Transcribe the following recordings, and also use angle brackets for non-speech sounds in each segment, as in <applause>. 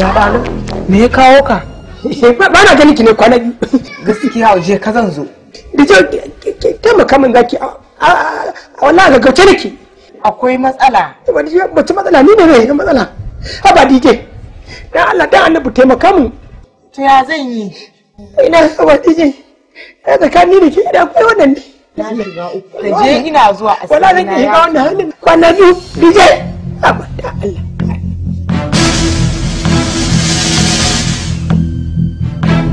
zaɓa na me ya kawo ka eh, ba na ganin ki ne kwana biyu gaskiya waje ka zan zo da ke taimaka min zaki a wannan ga da ki akwai matsala mace eh, matsala ni ne ne na matsala haba dj dan allah dan annabu taimaka min to ya zan yi ina haba dj ta eh, tsakani da ke da akwai wannan na da je ina zuwa asibiti na ya wala zan shiga wannan halin kwana biyu dj haba allah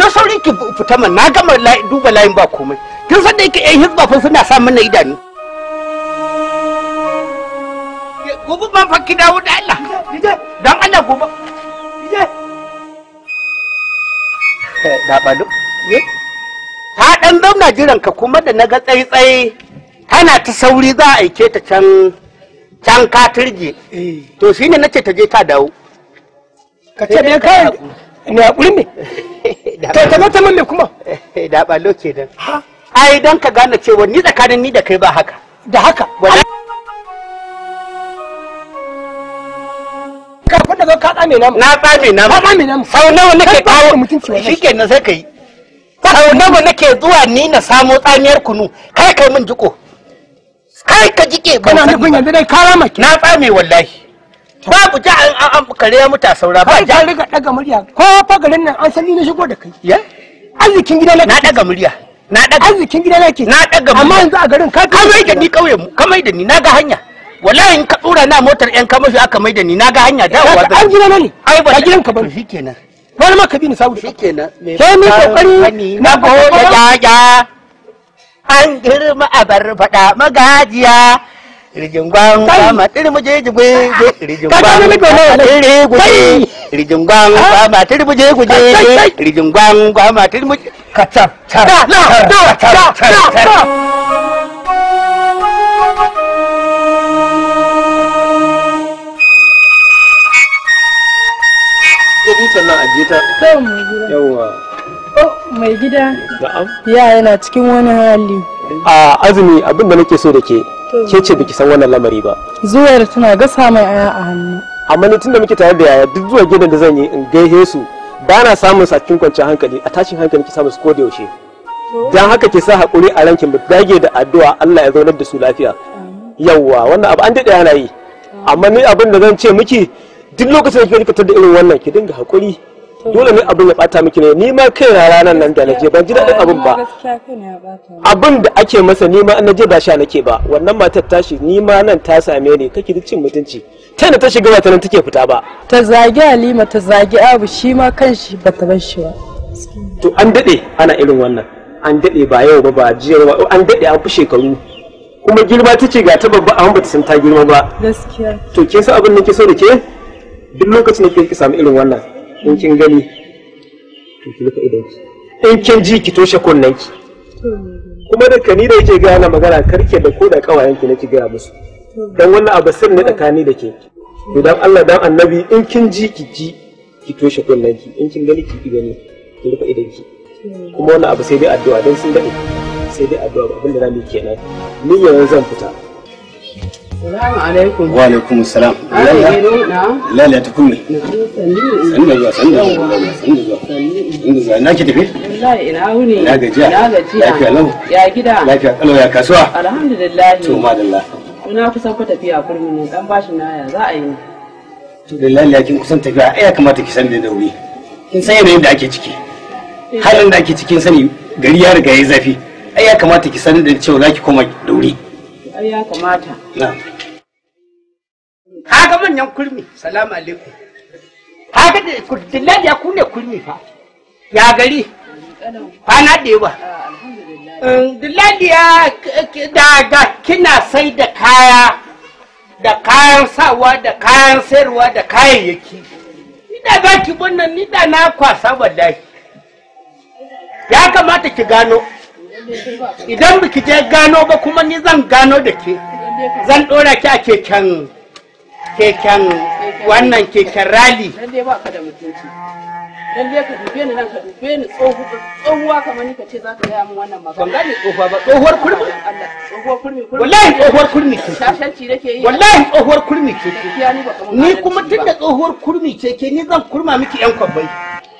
yo sauri ki fita man na gama duba layin ba komai kin san da yake yan hizba fa suna sa mana idanu gobe ban fa ki dawo da Allah dan Allah gobe eh, da balu ta dan zauna jiran ka kuma da naga tsaitsaye tana ta sauri za a aike ta can can katirje eh. to shine nace ta je ta dawo ka ce me kai ne eh, hakuri ne to kamar ta manne kuma eh, da ballo kenan ai dan ka gane cewa ni tsakanin ni da kai ba haka da haka kafin daga ka tsame namu na tsame namu ka tsame namu sau nawa nake kawo mutunci wannan shikenan sai kai sau nawa nake zuwa ni na samo tsamiyar kunu kai kai min jiko kai ka jike kana nufin yanzu dai karama na tsame wallahi babu ja an kare ya muta saura ba ja riga daga murya ko fa garin nan an sani na shigo da kai ya arzikin gida na daga murya na daga arzikin gida na ke na daga amma yanzu a garin ka kamai da ni kauye mu mai da ni naga hanya wallahi in ka tsura na motar yan mafi aka mai da ni naga hanya dawowa ga an gina na ne ai ba gidan ka bane shikenan wani ma ka bi ni sabu shikenan me kai ni kokari na go da ja an girma a bar fada magajiya rijin gwan ma tiri muje rijin gwan tiri guje rijin gwan ah! ma tiri muje guje rijin gwan muje mai gida. Ya yana cikin wani hali. A azumi abin nake so da ke ke ce biki san wannan lamari ba zuwar tana gasa mai aya a hannu amma ni tunda muke tare da yaya duk zuwa gidan da zan yi in gaihe su ba na samun sa cikin kwanciyar hankali a tashin hankali ki samu su ko da yaushe dan haka ke sa hakuri a rankin mu dage da addu'a Allah ya zaunar da su lafiya yawwa wannan abu an dade ana yi amma ni abin da zan ce miki duk lokacin da kika fitar da irin wannan ki dinga hakuri dole ne abin ya bata miki ne ni ma kai na ranar nan da naje ban ji daɗin abin ba abin da ake masa ni ma an naje ba sha nake ba wannan matar tashi ni ma nan ta same ni kake duk cin mutunci ta da ta shiga ba ta nan take fita ba ta zagi Halima ta zagi Abu shi ma kanshi ba ta bar shi ba to an daɗe ana irin wannan an daɗe ba yau ba ba jiya ba an daɗe an fi shekaru kuma girma tace ga ta babba amma bata san ta girma ba gaskiya to ke sa abin nake so da ke duk lokacin da kike samu irin wannan in kin gani to ki rufe idan ki in kin ji ki toshe kunnen ki kuma da kani da yake gaya na magana karke da ko da kawayen ki nake gaya musu dan wannan abu sir ne tsakani da ke to dan Allah dan annabi in kin ji ki ji ki toshe kunnen ki in kin gani ki ki gani ki rufe idan ki kuma wannan abu sai dai addu'a dan sun dade sai dai addu'a abin da zamu kenan ni yanzu zan fita alaikum. Wa alaikum salam. ta kume. Sannu da zuwa, sannu da zuwa, sannu da zuwa. Na ki tafi? Wallahi ina wuni. Na gajiya. Lafiya lau. Lafiya kalau ya kasuwa. Alhamdulillah. To madalla. kusan ku kusan tafiya ai ya kamata ki san da Kin san yanayin da ake ciki. Eh. Halin da cikin sani gari ya riga zafi. Ai ya kamata ki sanar da cewa za ki koma dauri ai ya kamata kaga manyan kurmi salamu alaikum kaga da dillan ya kune kurmi fa ya gari kwana da yawa um, da kina sai da kaya da kayan sawa da kayan sayarwa da kayayyaki da za ki wannan ni da na kwasa wallahi ya kamata ki gano idan biki je gano ba kuma ni zan gano da ke zan dora ki a keken keken wannan keken rali lalle ba ka da mutunci lalle ka dube ni nan ka dube ni tsohuwa kamar ni ka ce za ka gaya min wannan magana ban gane tsohuwa ba tsohuwar kurmi Allah tsohuwar kurmi kurmi wallahi tsohuwar kurmi ce shashanci nake yi wallahi tsohuwar kurmi ce ni kuma tunda tsohuwar kurmi ce ke ni zan kurma miki yan kwabbai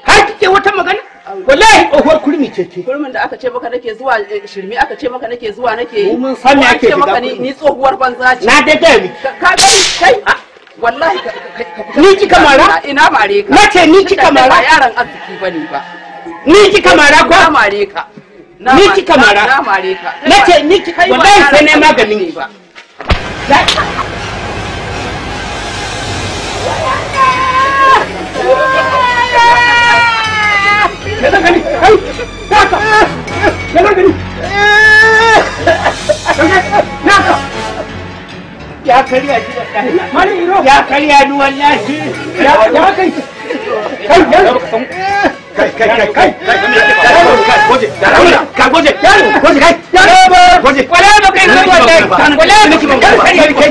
har kike wata magana wallahi tsohuwar kurmi ce ke kurmin da aka ce maka nake zuwa eh, shirmi aka ce maka nake zuwa nake yi mun san me ake maka ni tsohuwar banza ce na dai ka gani kai wallahi ni ina mare ka nace ni ba yaran arziki bane ba ni ko na mare ka ni na mare ka nace ni wallahi sai ne maganin ki ba me zan gani kai naka me zan gani naka ya karya shi da mali iro ya karya ni wallahi ya ya kai kai kai kai kai kai goje ka goje goje kai goje wala ba kai goje wala ba kai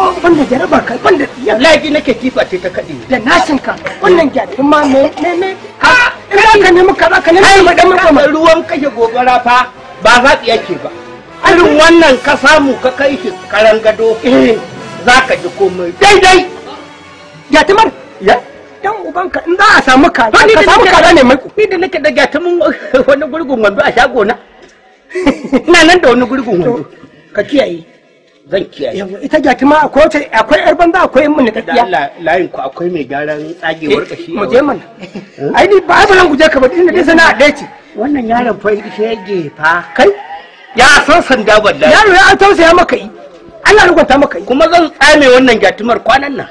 ko banda jaraba kai banda tsiya wallahi nake tifa ce ta kaɗi. da nashin ka wannan gyaɗin ma me me me ka in ka nemi ka ka nemi ma dan maka ruwan kashe gobara fa ba za tsiya ke ba irin wannan ka samu ka kai shi karan gado eh. za ka ji komai daidai gyatumar dan ubanka in za a samu kaza ka samu kaza ne mai ku ni da nake da gyatumin wani gurgun wando a shago na <laughs> ina nan da wani gurgun wando ka kiyaye zan kiyaye ita jaki ma akwai akwai yar banza akwai mun ne kadiya layin ku akwai mai gyaran tsagewar eh, kashi mu je mana eh? ai ni ba ba zan guje ka ba da dai sana'a ɗaya ce wannan yaron fa shege fa kai ya san sanda wallahi yaro ya tausaya maka yi Allah kwanta maka yi kuma zan tsame wannan gatumar kwanan nan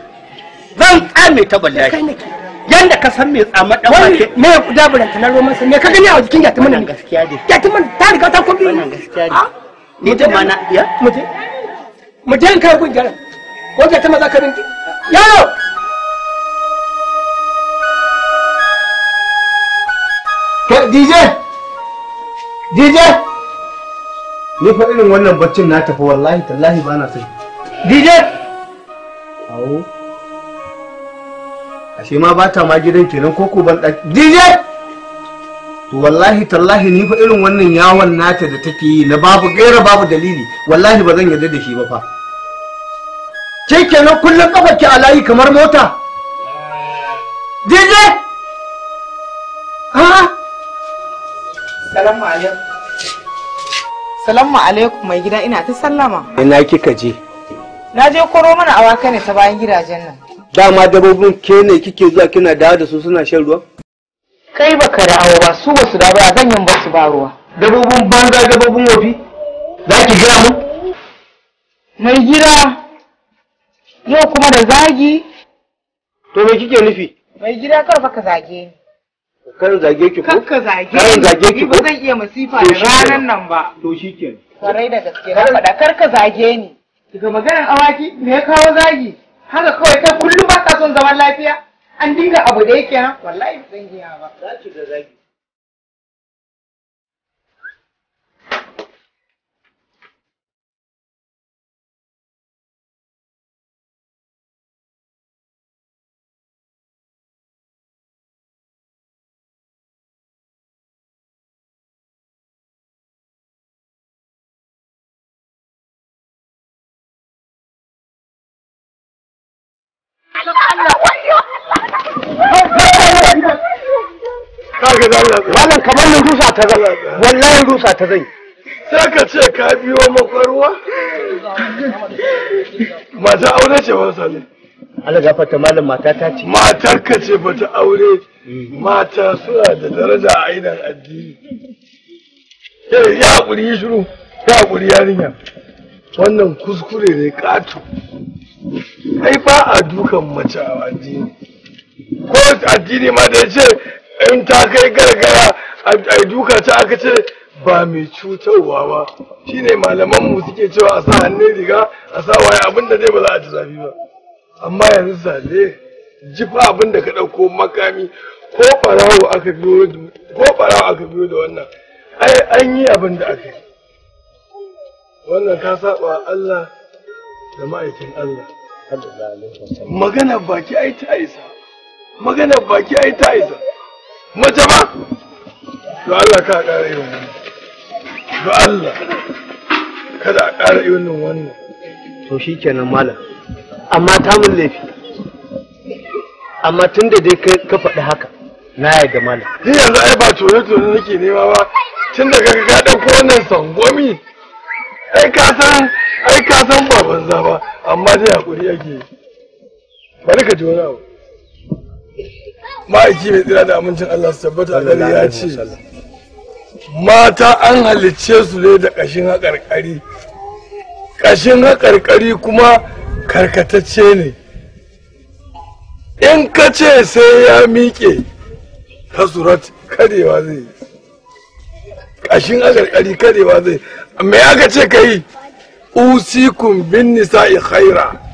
zan tsame ta wallahi kai yanda ka san me tsama dan wake me dabaranta na roman me ka gani a jikin gatumar nan gaskiya dai. Gatumar ta riga ta kobi wannan gaskiya dai. Ah, ni da mana ya muje mu je kai gun jaran ko ta maza ka binki yaro DJ DJ ni fa irin wannan baccin na tafi wallahi tallahi ba na sai DJ awo ashe ma ba ma gidan kenan ko ko ban DJ to wallahi tallahi ni fa irin wannan yawon nata da take yi na babu gaira babu dalili wallahi ba zan yarda da shi ba fa ke kenan kullum kafa a layi kamar mota dije ha salamu alaikum alaikum mai gida ina ta sallama ina kika je na je koro mana awaka ne ta bayan gidajen nan dama dabobin ke ne kike zuwa kina dawo da su suna shan ruwa kai baka dawo ba su basu da ba zan ba basu ba ruwa dabobin banga dabobin wofi za ki gaya mu mai gida yau kuma da zagi to me kike nufi mai gida kar fa ka zage ni kan zage ki ko kan zage kan zage ki ba zan iya masifa da ranan nan ba to shikenan kwarai da gaske na faɗa kar ka zage ni daga maganar awaki me ya kawo zagi haka kawai kai kullum ba ka son zaman lafiya an dinga abu da yake na wallahi zan giya ba za ki da zagi wannan kamar nan rusa ta zai wallahi rusa ta zai sai ka ce ka biyo makwarwa mata aure ce ba ne Allah fata malam mata ta ce matar ka ce ba ta aure hmm. mata suna da daraja a idan addini eh, ya kuri yi shiru ya kuri yarinya wannan kuskure ne kato ai ba a dukan mace a addini ko addini ma da ya ce in ta kai gargara a duka ta aka ce ba mai cutarwa ba shine malaman mu suke cewa a sa hannun riga a sa waye abinda dai ba za a ji zafi ba amma yanzu zale jifa abinda ka ɗauko makami ko ɓarawo aka biyo ko ɓarawo aka biyo da wannan ai an yi abinda aka yi wannan ka saba Allah da ma'aikin Allah magana baki ai ta isa magana baki ai ta isa mace ba to Allah ka ƙara yi wannan do Allah kada a ƙara yi wannan to shi kenan malam amma ta mun laifi amma tun da dai ka faɗi haka na ga malam ni yanzu ai ba tone tone nake nema ba tun da kaga ka ɗauko wannan sangomi ai ka san ai ka san ba banza ba amma dai hakuri yake bari ka ji wani abu ma'aiki mai tsira da amincin Allah su tabbata gari ya ce mata an halicce su ne da ƙashin haƙarƙari ƙashin haƙarƙari kuma karkatacce ne in ka ce sai ya miƙe surat karewa zai ƙashin haƙarƙari karewa zai amma ya ka ce ka yi usikun bin nisa'i khaira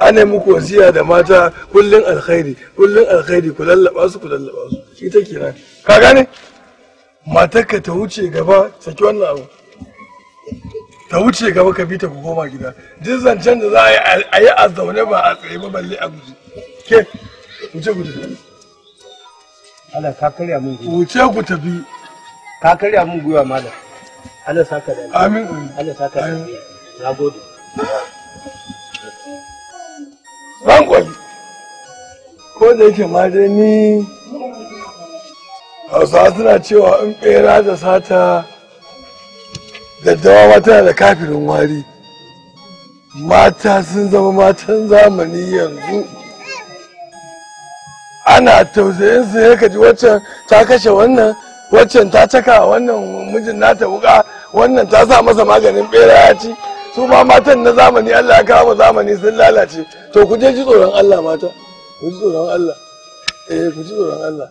ana muku wasiya da mata kullun alkhairi kullun alkhairi ku lallaba su ku lallaba su shi ta kira ka gane matarka ta wuce gaba saki wannan abu ta wuce gaba ka bi ta ku koma gida duk zancen da za a yi a zaune ba a tsaye ba balle a guji ke wuce ku tafi Allah ka karya mun gwiwa wuce ku tafi ka karya mun gwiwa malam Allah saka da amin Allah saka da nagode rankwali ko da yake ma dai ni hausawa suna cewa in ɓera da sata daddawa mata da kafirin wari mata sun zama matan zamani yanzu ana tausayin su ya kaji waccan ta kashe wannan waccan ta caka wannan mijin nata wuka wannan ta sa masa maganin ɓera ya ci su ma matan na zamani Allah ya kawo zamani sun lalace to ku je ji tsoron Allah mata ku ji tsoron Allah eh ku ji tsoron Allah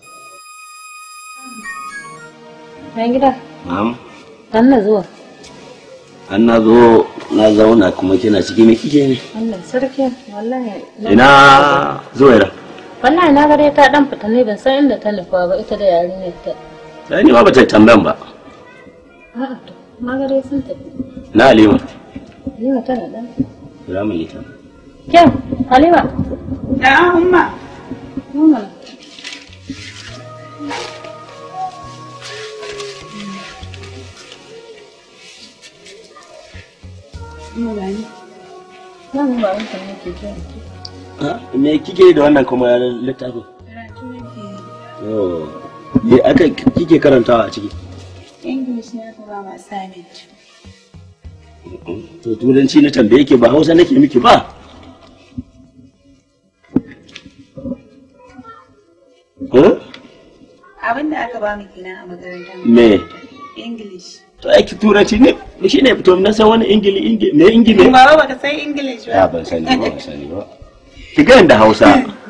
Yan gida? Na'am. Dan na zuwa. An na zo na zauna kuma kina cikin me kike ne? Allah sarki wallahi. Ina zuwa da. Wallahi na gare ta dan fita ne ban san inda ta nufa ba ita da yarinyar ta. Sai ni ma ta tambayan ba. A'a, na gare sun tafi. Na Halima. Halima tana ɗan. Kira mu ta. Kyau, Halima. A'a, umma. Umma. Me kike da wannan kuma littafin? Karatu nake. Oh. Me aka kike karantawa a ciki? English ne kuma assignment. To turanci na tambaye ke ba Hausa nake miki ba. Abin da aka ba miki na a makaranta. Me? English. To aiki turanci ne shi ne fito na san wani ingili ne ingili. Ba ba ka san English ba. Ya ban sani ba ban sani ba. Ki ga inda Hausa. <laughs>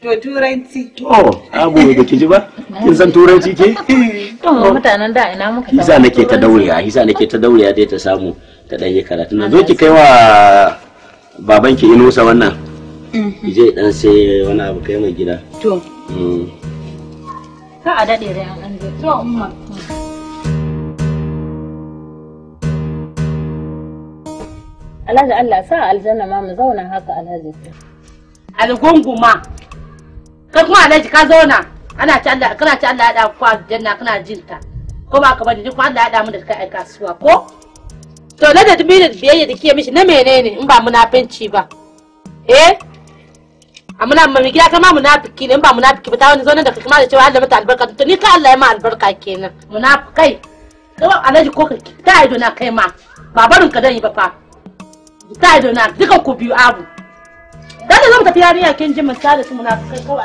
To turanci. To, abu da kiji ba? Kin san turanci ke? <laughs> To, mutanen da ina muka Hisa nake ta daurewa, hisa nake ta daurewa dai ta samu ta dan yi karatu. Na zo ki kai wa babanki Inusa wannan. Mhm. Ki je dan sai wani abu kai mai gida. To. Mm. Ka a dade rai an zo. To, umma. Alhaji Allah sa aljanna ma mu zauna haka Alhaji. Algunguma. kai kuma alaji ka zauna ana ci Allah kana ci Allah ya da ku aljanna kana jin ta ko ba ka bari kuma Allah ya da mu da kai ai kasuwa ko to la da dubi da biyayya da kike mishi na menene in ba munafinci ba eh amma amma mi gida kama munafiki ne in ba munafiki ba ta wani zonan da kuma da cewa Allah mata albarka to ni ka Allah ya ma albarka kenan munafikai ko alaji ko ka ta ido na kai ma ba barin ka dan yi ba fa ta ido na duka ku biyu abu Dada zan tafi yarinya kin ji misali su munafikai ko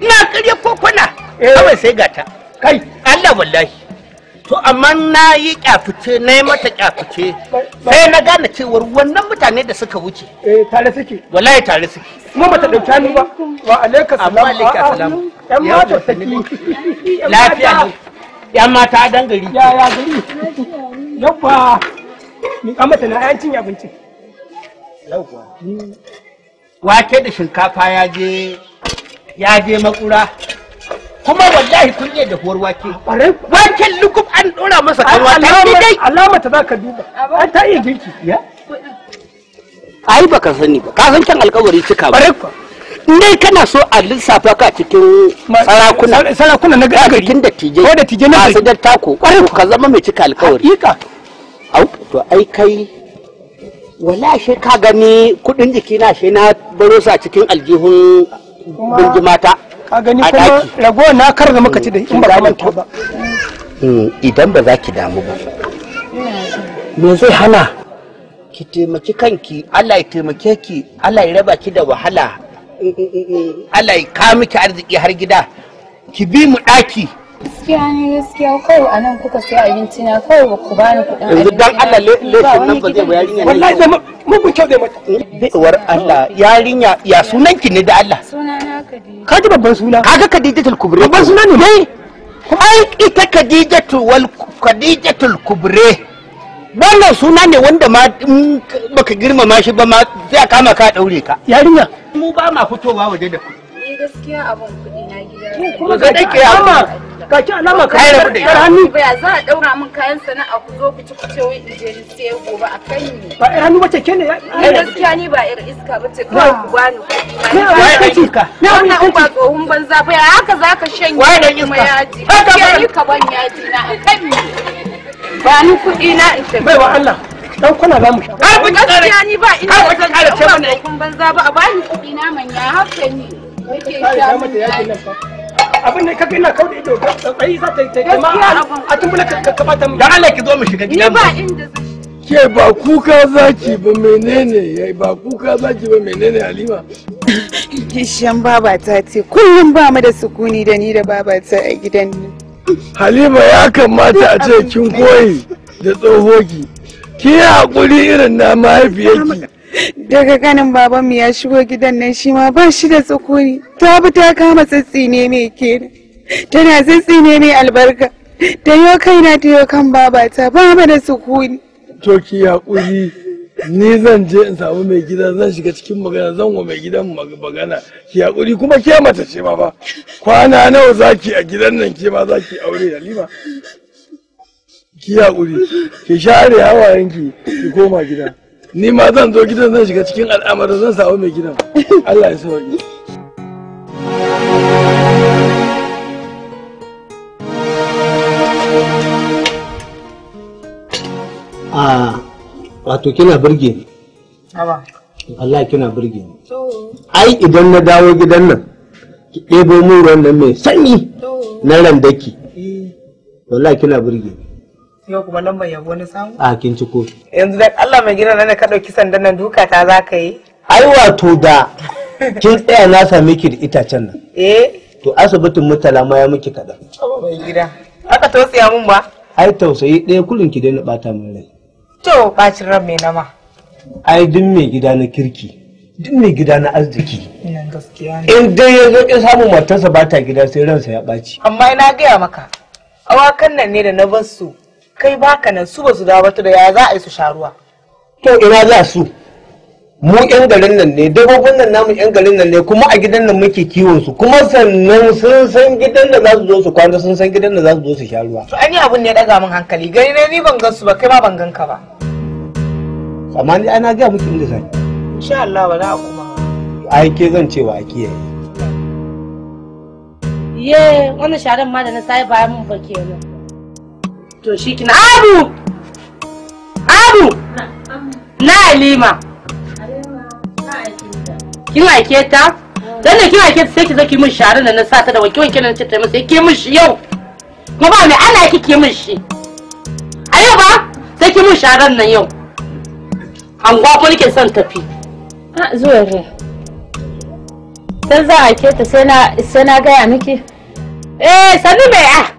Ina kare kokona. kuna. Eh. Kawai sai gata. Kai Allah wallahi. To amma na yi kyafice na yi mata kyafice sai na gane cewar wannan mutane da suka wuce. Eh tare suke. Wallahi tare suke. Kuma bata dauka ni ba. Wa alaikum salam. Amma alaikum salam. Yan mata saki. Lafiya ne. Yan mata dan gari. Ya ya gari. Yabba. Ni kamata na ayan cin abincin. Yawwa. Mm. wake da shinkafa ya je ya je makura kuma wallahi kun je da huwar wake waken lukub an dora masa kalwa ta ni dai alama ta zaka duba an ta iya girki ya ai baka sani ba ka san kan alƙawari cika ba dai kana so a lissafa ka cikin sarakuna sarakuna na gari da tije ko tije na gari masu dattako ka zama mai cika alƙawari hakika au to ai kai wala shi ka gani kudin jiki na shi na baro sa cikin aljihun bungimata ka gani kuma ragowar na kar da muka ci da in ba ka manta ba hmm, idan ba za ki damu ba me zai hana ki taimaki kanki Allah ya taimake ki Allah ya raba ki da wahala hmm, hmm, Allah ya kawo miki arziki har gida ki bi mu daki gaskiya ne gaskiya kawai a nan kuka sai abinci na kawai ba ku bani kuɗin yanzu dan Allah laifin nan ba zai ba yarinya ne wallahi da mugun kyau da mata baiwar Allah yarinya ya sunan ki ne da Allah sunana Khadija kaji babban suna kaga Khadijatul Kubra babban suna ne dai ai ita Khadijatul wal Khadijatul Kubra wannan suna ne wanda ma baka girmama shi ba ma zai kama ka daure ka yarinya mu ba ma fitowa waje da ku eh, gaskiya abun kuɗi kuma ka dake alama ka ki alama ka yi rabu da yar hannu ba za a daura min kayan sana'a ku zo ku ci ku ce wai in je sai gobe a kan ni ba yar hannu bace kene ai gaskiya ni ba yar iska ba ce. kawai ku bani kuɗi ma ni ba yar iska na wannan in ba tsohon banza ba haka ka shanye wai dan iska yaji gaskiya ni ka ban yaji na a kan ni ba ni kuɗi na in tafi bai wa Allah dan kwana za mu sha. Kar ku tsare. Gaskiya ni ba ina. Kar ku tsare ce mana. Kun banza ba a bani kuɗi na manya haka ni. Yake sha mun. abin ne kaga ina kauda ido tsayi za ta yi ta jama a tumbula ka bata mu dan Allah ki zo mu shiga gidan ba ke ba kuka zaki ba menene ba kuka zaki ba menene halima kishiyan baba ta ce kullum ba mu da sukuni da ni da baba ta a gidan nan. halima ya kamata a ce kin koyi da tsohoki ki hakuri irin na mahaifiyarki daga ganin babanmu ya shigo gidan nan shi ma ba shi da tsukuni. ta bi ta kama tsitsi ne mai kenan tana tsitsi ne mai albarka da yau kaina ta yau kan babata ba mu da To ki ya kuri ni zan je in samu mai gida zan shiga cikin magana zan wa mai gidan magana ki hakuri kuma ke mata ce ma ba kwana nawa zaki a gidan nan ke ma zaki aure halima ki hakuri ki share hawayenki ki koma gida ni ma zan zo gidan zan shiga cikin al'amarin zan samu mai gidan Allah ya sauki a wato kina birge ni Allah kina birge ni ai idan na dawo gidan nan ki ɗebo mun ruwan nan mai sanyi na randaki eh. wallahi kina birge ni yau kuma lambar yabo wani samu a kin ci ko yanzu dan Allah mai gina nan ka dauki sandan nan duka ta za ka yi ai wato da <laughs> kin tsaya na same ki da itacen nan eh to asibitin mutala ma ya miki kadan mai gida aka tausaya mun ba ai tausayi ɗaya kulun ki daina bata min rai to bacin ran mai nama ai duk mai gida na kirki duk mai gida na arziki in dai ya zo ya samu matarsa ba ta gida sai ransa ya ɓaci amma ina gaya maka awakan nan ne da na bar su kai baka nan su ba su dawo da ya za a yi su sha ruwa to ina za su mu yan garin nan ne dabbobin nan namu yan garin nan ne kuma a gidan nan muke kiwon su kuma sannan sun san gidan da za su zo su kwana sun san gidan da za su zo su sha ruwa to an yi abun ne daga min hankali gani ne ni ban gansu ba kai ma ban ganka ba amma ni ana ga miki inda zan insha Allah ba za a kuma ai ke zan cewa a kiyaye ye wannan sharan ma da na sai bayan mun ba kenan to shi kina abu abu na Alima! halima kin ke ta dan da kin aike ta sai ki zo ki min sharin nan sa ta da wanke wanke nan ta sai ki min shi yau ko ba mai ana kike min shi a yau ba sai ki min sharan nan yau anguwa ko nake son tafi a zo yare sai za a ke ta sai na gaya miki eh sanu mai ah eh,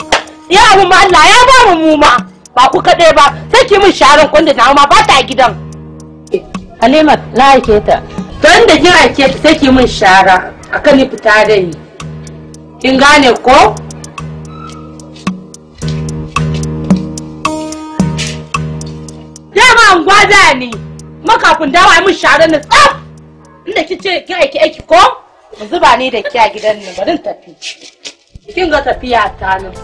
ya abu ma Allah ya ba mu mu ma ba ku kaɗai ba sai ki min sharan kwanda na ma ba ta gidan Halima na ake ta dan da kin ake ta sai ki min shara akan ni fita da ni kin gane ko Ya ma an gwada ni makafin dawa min sharan na tsaf inda kice kin aiki aiki ko mu zuba ni da ki a gidan nan bari tafi kin ga tafiya ta nan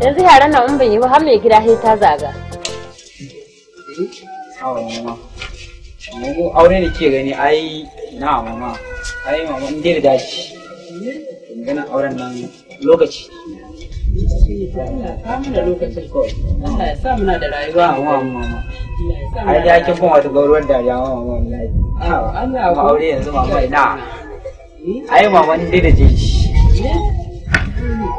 yanzu yaran nan in ban yi ba har mai gida sai ta zaga mu aure da ke gani ai na mama ai mama in dai da dace ganin auren nan lokaci da lokacin muna da rayuwa ai da wata gauruwar dariya mama in dai da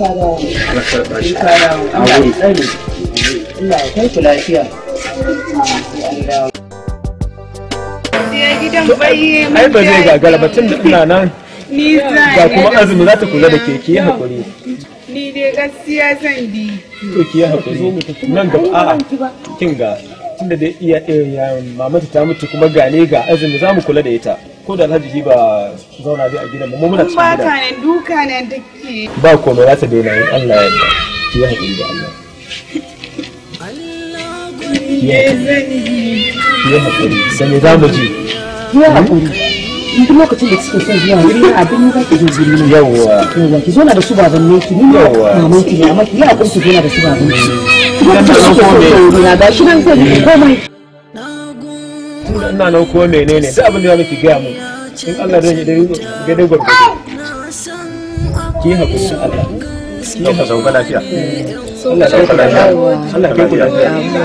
ka dawo ai ba zai gagara ba tun da ina nan ga kuma azumi za ta kula da ke ki ni dai gaskiya zan bi to ki nan gaba a'a kin ga tunda dai iya mamata ta mutu kuma gane ga azumi za mu kula da ita ko da alhaji ba zauna dai a gidan mu muna cikin gidan ba ne duka ne dake ba komai za ta daina in Allah ya yarda ki yi da Allah ki yi hakuri sani za mu ji ki yi hmm? hakuri in duk lokacin da suke son wuri ki ne ki da su ki ki ki ki da su ki ba su da kuna ina nan menene duk abin da gaya mu in Allah zai dai ga dai gobe ki Allah ka sauka lafiya Allah ya Allah ya kula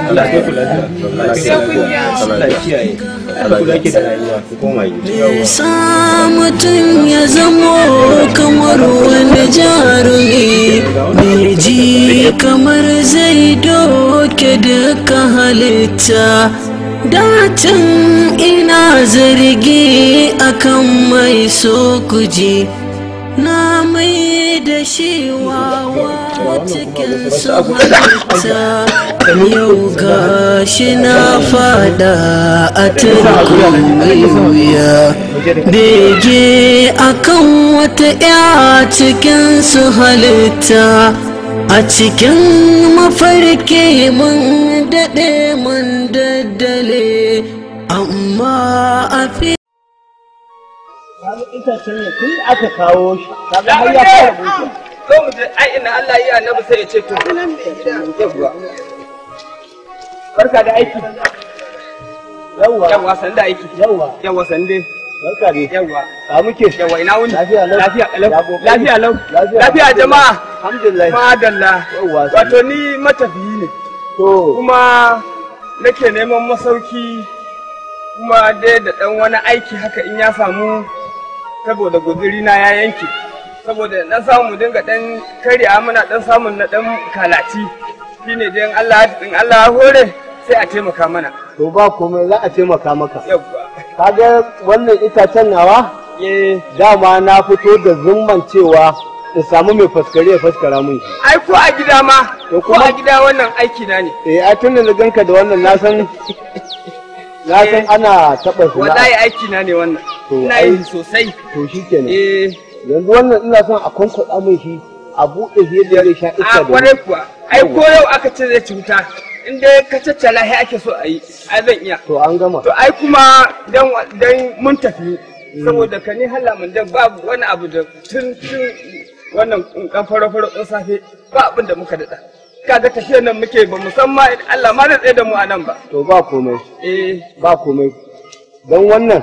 Allah ya kula Allah ya kula Allah ya kula ya zamo kamar wani jarumi mai ji kamar zai doke da ka halitta dacin ina zargi akan mai so kuji na mai da shi wawa cikin su halitta yau ga shi na fada a turkun wuya bege akan wata ya cikin su halitta a cikin mafarki mun daɗe mun daddale amma a fi yawwa yawwa sanda aiki yawwa yawwa sande. yawwa yawwa ina wuni lafiya lau lafiya jama'a alhamdulillah madalla wato ni matafiyi ne to kuma nake neman masauki kuma dai da dan wani aiki haka in ya samu saboda guzuri na ya yanke saboda na samu mu dinga dan karya muna dan samun na dan kalati. shine dai in Allah in Allah hore sai a taimaka mana to ba komai za a taimaka maka kaga wannan itacen nawa eh. dama na fito da zumman cewa in samu mai faskare ya faskara mun shi. Ai ko a gida ma, ko a gida wannan aiki na ne. Eh a tunda na ganka da wannan na san <laughs> na san eh, ana taɓa suna. Wallahi aiki na ne wannan. Ina yi sosai. To shikenan. Eh. Yanzu wannan ina son a kwankwaɗa mun shi a buɗe shi yadda zai sha iska. A kwarai kuwa. Ai ko yau aka ce zai cuta. in dai ka tattala sai ake so a yi ai zan iya to an gama to ai kuma dan mun tafi mm. saboda ka ni hala mun dan babu wani abu da tun tun wannan dan faro-faro ɗin safe ba abin da muka daɗa kaga tafiyar nan muke ba musamman Allah ma da tsaye da mu a nan ba to ba komai eh ba komai don wannan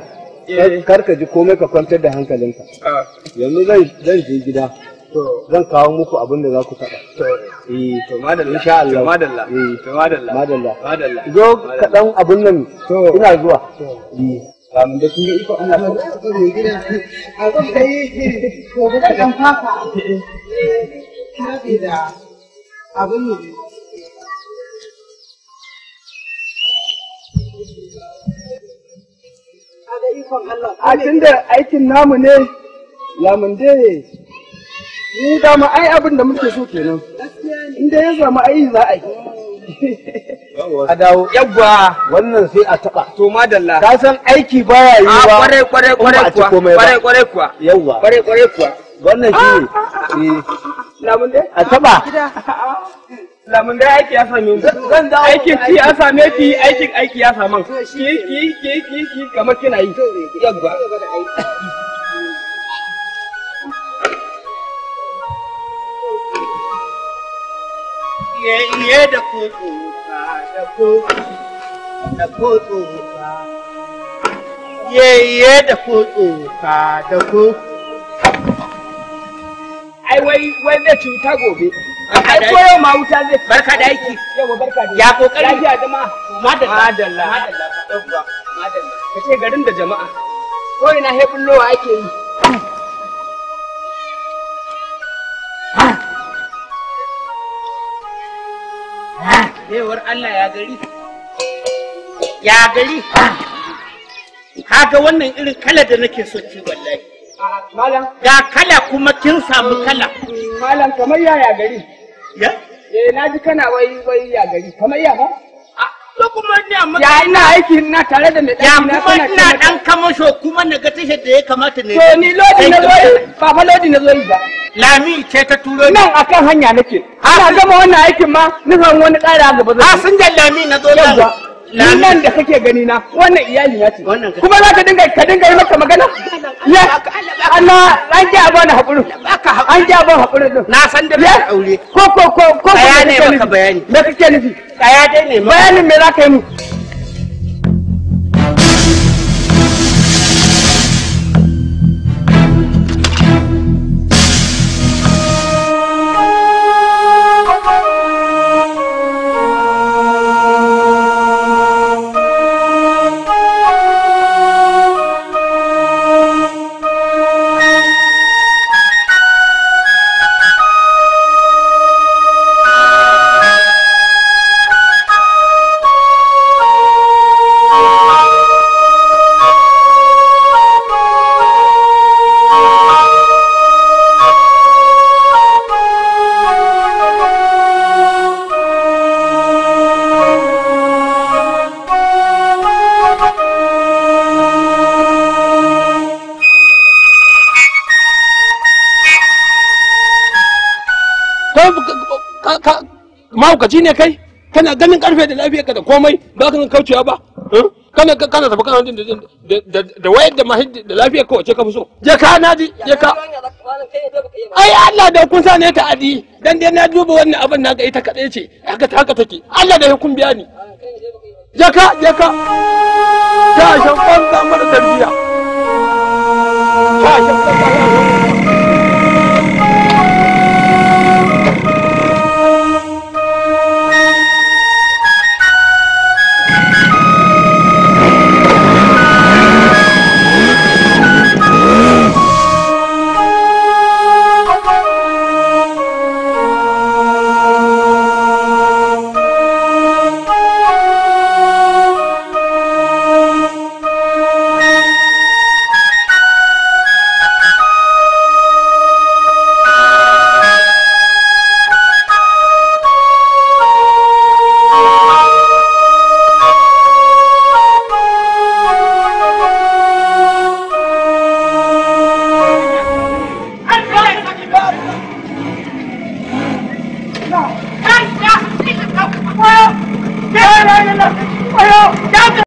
eh. kar ka ji komai ka kwantar da hankalinka ah. yanzu zan je gida zan kawo muku abin da za ku taɓa. Eh, to madalla. Insha Allah. Madalla. Eh, to madalla. Madalla. Madalla. Zo kaɗan abin nan ina zuwa. To, eh. gì à tôi thấy cô a pháp kai thì ga thì là à với ne a tunda aikin namu ne lamun dai mu dama ai abin da muke so kenan Inda ya samu ai za a yi a dawo Yabba. wannan sai a taɓa. to madalla ka san aiki baya yi ba Kware kware kware kuwa kware kware kuwa yawwa Kware kware kuwa wannan shi ne lamun dai a taba lamun dai aiki ya same mu zan dawo aikin ki ya same ki aikin aiki ya same ki ki ki ki kamar kina yi Yabba. iye iye da ko tsoka da koko. da ko iye iye da ko tsoka da koko. ai wai wai zai cuta gobe ai ko yau ma wuta zai barka da aiki yawa barka da ya kokari lafiya da ma madalla madalla madalla ka ce garin da jama'a ko ina hebullowa ake yi baiwar Allah ya gari ya gari kaga wannan irin kala da nake so ki wallahi ah, malam ga kala kuma kin samu kala mm, malam kamar ya ya gari ya eh na ji kana wai wai ya gari kamar ya ha ah, to kuma ya ina aiki na tare da mai ɗaki na kuma ina dan kamasho kuma na tashar da ya kamata ne to ni lodi na zo ba fa lodi na zo ba lami ce ta turo nan akan hanya nake ana gama wannan aikin ma nufin wani tsari ƙara gaba zai sun da lami na zo nan nan da kake gani na wannan iyali na ce kuma za ka dinga ka dinga yi maka magana Allah an ji abin haƙuri an ji abin haƙuri din na san da ba aure ko ko ko ko bayani maka bayani me kake nufi kaya dai ne bayanin me za ka yi mu mahaukaci ne kai kana ganin karfe da lafiyar ka da komai ba ka kaucewa ba eh? kana kana tafi kana da da wayar da mahid da lafiyar ka wace ka fi so je ka naji je ka ai Allah da kun sane ta adi dan dai na duba wannan abin na ga ita kadai ce haka ta haka take Allah da kun biya ni je ka je ka ta shan kan mara tarbiya ta shan kan